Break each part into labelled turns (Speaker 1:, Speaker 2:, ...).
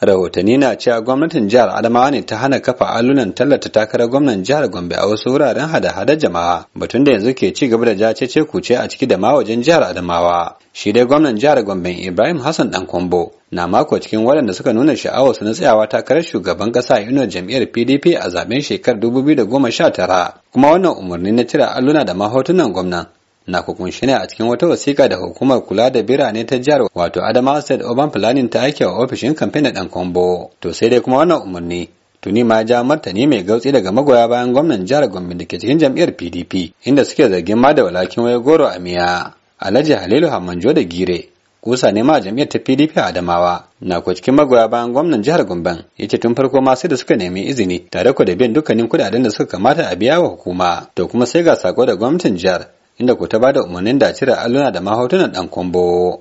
Speaker 1: rahotanni na cewa gwamnatin jihar adamawa ne ta hana kafa alunan tallata takarar gwamnan jihar gombe a wasu wuraren hada-hada jama'a batun da yanzu ke ci gaba da jace kuce a ciki da ma wajen jihar adamawa shi dai gwamnan jihar gombe ibrahim hassan dan kwambo na mako cikin waɗanda suka nuna sha'awar su na tsayawa takarar shugaban ƙasa a inuwar jam'iyyar pdp a zaben shekarar 2019 kuma wannan umarni na cire alluna da mahotunan gwamnan na kukunshi ne a cikin wata wasiƙa da hukumar kula da birane ta jihar wato Adama State Urban Planning ta aike wa ofishin kamfen na ɗan Kombo. To sai dai kuma wannan umarni tuni ma ja martani mai gautsi daga magoya bayan gwamnan jihar Gombe da ke cikin jam'iyyar PDP inda suke zargin ma da walakin waye goro a miya. Alhaji Halilu Hammanjo da Gire kusa ne ma a jam'iyyar ta PDP a Adamawa na ko cikin magoya bayan gwamnan jihar Gombe yace tun farko ma sai da suka nemi izini tare ko da biyan dukkanin kudaden da suka kamata a biya wa hukuma to kuma sai ga sako da gwamnatin jihar inda ko ta bada umarnin da cire alluna da mahotunan dan kwambo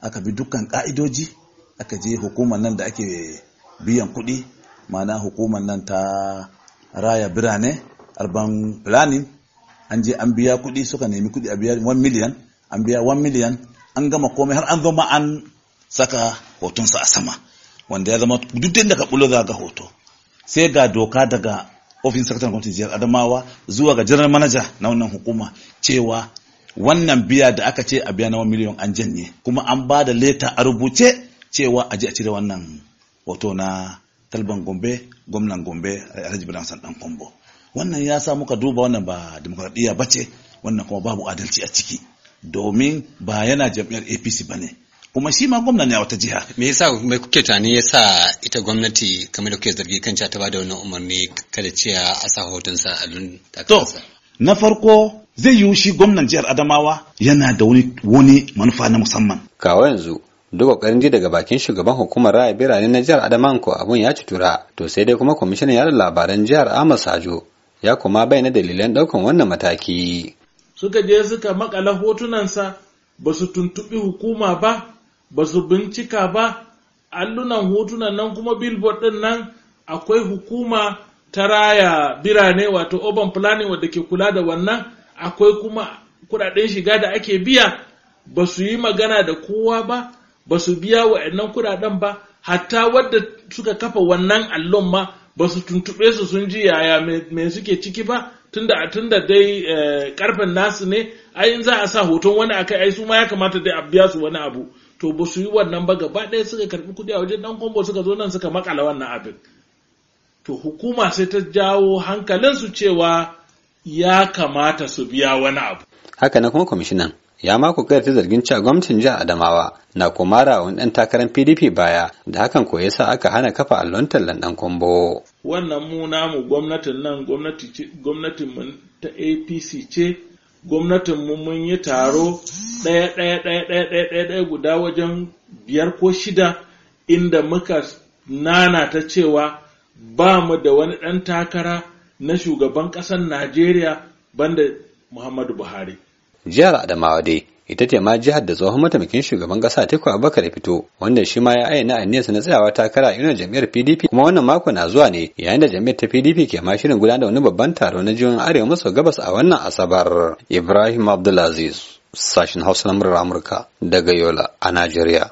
Speaker 2: aka bi dukkan ka'idoji aka je hukumar nan da ake biyan kuɗi mana hukumar nan ta raya birane urban planning an je an biya kuɗi suka nemi kuɗi a biya 1 million. an biya 1 million, an gama komai har an zama an saka hotonsa a sama wanda ya zama duk da ka bulo za ga hoto sai ga doka daga ofin sakataren gwamnatin jihar adamawa zuwa ga general manaja na wannan hukuma cewa wannan biya da aka ce a biya na miliyon an janye kuma an ba da leta a rubuce cewa a ji a cire wannan hoto na talban gombe gwamnan gombe alhaji bin hassan dan kombo wannan ya sa muka duba wannan ba demokradiyya ba ce wannan kuma babu adalci a ciki domin ba yana jam'iyyar apc ba ne kuma shi ma gwamna ne a wata jiha
Speaker 1: me yasa mai kuke tunani yasa ita gwamnati kamar da kuke zargi kan ta bada wannan umarni kada ce a sa hoton sa a lun to na farko zai yiwu shi gwamnan jihar
Speaker 2: Adamawa yana da wani wani manufa na musamman
Speaker 1: kawo yanzu duk kokarin ji daga bakin shugaban hukumar raya birane na jihar Adamawa ko abun ya ci tura to sai dai kuma kwamishinan yada labaran jihar Ahmad Sajo ya kuma bayyana dalilan daukan wannan mataki
Speaker 3: suka je suka makala hotunansa ba su tuntuɓi hukuma ba ba su bincika ba allunan hotunan nan kuma billboard ɗin nan akwai hukuma ta raya birane wato urban planning wadda ke kula da wannan akwai kuma kudaden shiga da ake biya ba su yi magana da kowa ba ba su biya wa'annan kudaden ba hatta wadda suka kafa wannan allon ma ba su tuntube su sun ji yaya me suke ciki ba tunda tunda dai karfin eh, nasu ne ai in za a sa hoton wani akai ai su ma ya kamata dai a biya su wani abu to ba su yi wannan ba gaba ɗaya suka karɓi kuɗi a wajen ɗan kwambo suka zo nan suka makala wannan abin to hukuma sai ta jawo hankalinsu cewa ya kamata su biya wani abu
Speaker 1: haka na kuma kwamishinan ya mako kai ta zargin cewa gwamnatin jihar Adamawa na kumara wani ɗan takarar PDP baya da hakan ko yasa aka hana kafa allon tallan ɗan kwambo.
Speaker 3: Wannan mu namu gwamnatin nan gwamnatin mu ta APC ce Gwamnatin mu mun yi taro ɗaya ɗaya ɗaya ɗaya ɗaya ɗaya ɗaya guda wajen biyar ko shida inda muka nana ta cewa ba mu da wani ɗan takara na shugaban ƙasar Najeriya banda Muhammadu Buhari.
Speaker 1: jihar adamawa dai ita ce ma jihar da tsohon mataimakin shugaban kasa Atiku Abubakar ya fito wanda shi ma ya ayyana aniyarsa na tsayawa takara irin jami'ar PDP kuma wannan mako na zuwa ne yayin da jami'ar ta PDP ke ma shirin gudanar da wani babban taro na jihohin Arewa maso gabas a wannan Asabar Ibrahim Abdulaziz sashin Hausa na Amurka daga Yola a Najeriya